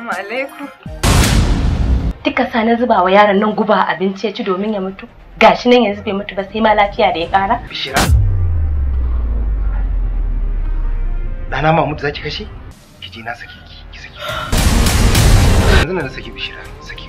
Assalamu alaikum. Duka sa zuba wa yaran nan guba abinci ya ci domin ya mutu. Gashi nan yanzu bai mutu ba sai ma lafiya da ya kara. Bishira. Dana Mahmud zaki kashe? Ki je na saki ki, ki saki. Yanzu na saki Bishira, saki.